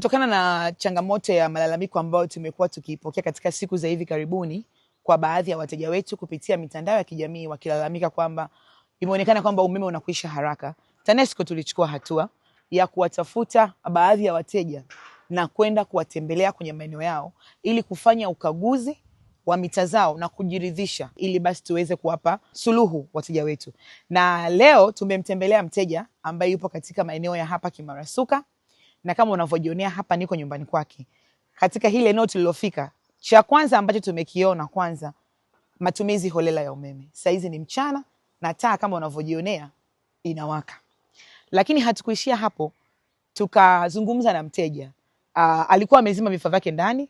Kutokana na changamoto ya malalamiko ambayo tumekuwa tukiipokea katika siku za hivi karibuni kwa baadhi ya wateja wetu kupitia mitandao ya kijamii wakilalamika kwamba imeonekana kwamba umeme unakuisha haraka, TANESCO tulichukua hatua ya kuwatafuta baadhi ya wateja na kwenda kuwatembelea kwenye maeneo yao ili kufanya ukaguzi wa mita zao na kujiridhisha, ili basi tuweze kuwapa suluhu wateja wetu. Na leo tumemtembelea mteja ambaye yupo katika maeneo ya hapa Kimarasuka na kama unavyojionea hapa, niko nyumbani kwake. Katika hili eneo tulilofika, cha kwanza ambacho tumekiona kwanza, matumizi holela ya umeme. Saizi ni mchana na taa kama unavyojionea inawaka, lakini hatukuishia hapo. Tukazungumza na mteja uh, alikuwa amezima vifaa vyake ndani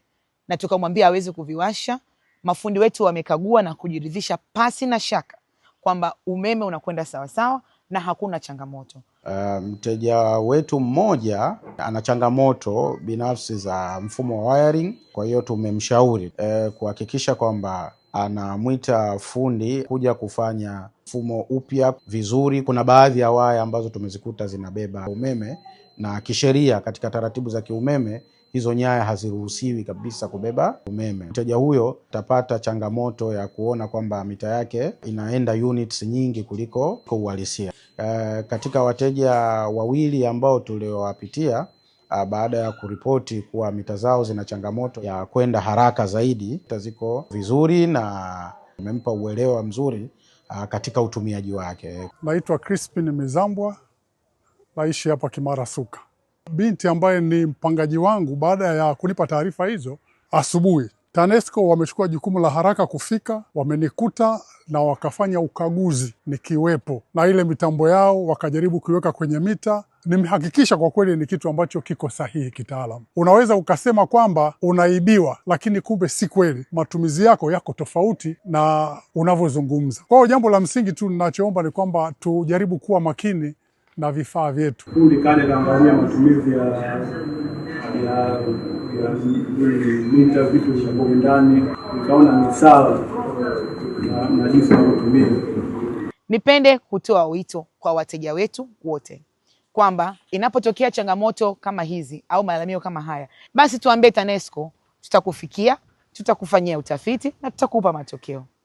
na tukamwambia aweze kuviwasha. Mafundi wetu wamekagua na kujiridhisha pasi na shaka kwamba umeme unakwenda sawasawa na hakuna changamoto. Uh, mteja wetu mmoja ana changamoto binafsi za mfumo wa wiring. Kwa hiyo tumemshauri e, kuhakikisha kwamba anamwita fundi kuja kufanya mfumo upya vizuri. Kuna baadhi ya waya ambazo tumezikuta zinabeba umeme, na kisheria katika taratibu za kiumeme hizo nyaya haziruhusiwi kabisa kubeba umeme. Mteja huyo atapata changamoto ya kuona kwamba mita yake inaenda units nyingi kuliko uhalisia. E, katika wateja wawili ambao tuliowapitia Ah, baada ya kuripoti kuwa mita zao zina changamoto ya kwenda haraka zaidi, ziko vizuri na imempa uelewa mzuri ah, katika utumiaji wake. Naitwa Crispin Mizambwa, naishi hapa Kimara Suka. Binti ambaye ni mpangaji wangu, baada ya kunipa taarifa hizo asubuhi TANESCO wamechukua jukumu la haraka kufika, wamenikuta na wakafanya ukaguzi nikiwepo, na ile mitambo yao wakajaribu kuiweka kwenye mita nimehakikisha kwa kweli ni kitu ambacho kiko sahihi kitaalam. Unaweza ukasema kwamba unaibiwa, lakini kumbe si kweli, matumizi yako yako tofauti na unavyozungumza. Kwa hiyo jambo la msingi tu ninachoomba ni kwamba tujaribu kuwa makini na vifaa vyetu. Kundi kale kaangalia matumizi ya, ya mita vitu vya kwa ndani, nikaona sawa na jinsi navyotumia. Nipende kutoa wito kwa wateja wetu wote kwamba inapotokea changamoto kama hizi au malalamiko kama haya, basi tuambie TANESCO, tutakufikia, tutakufanyia utafiti na tutakupa matokeo.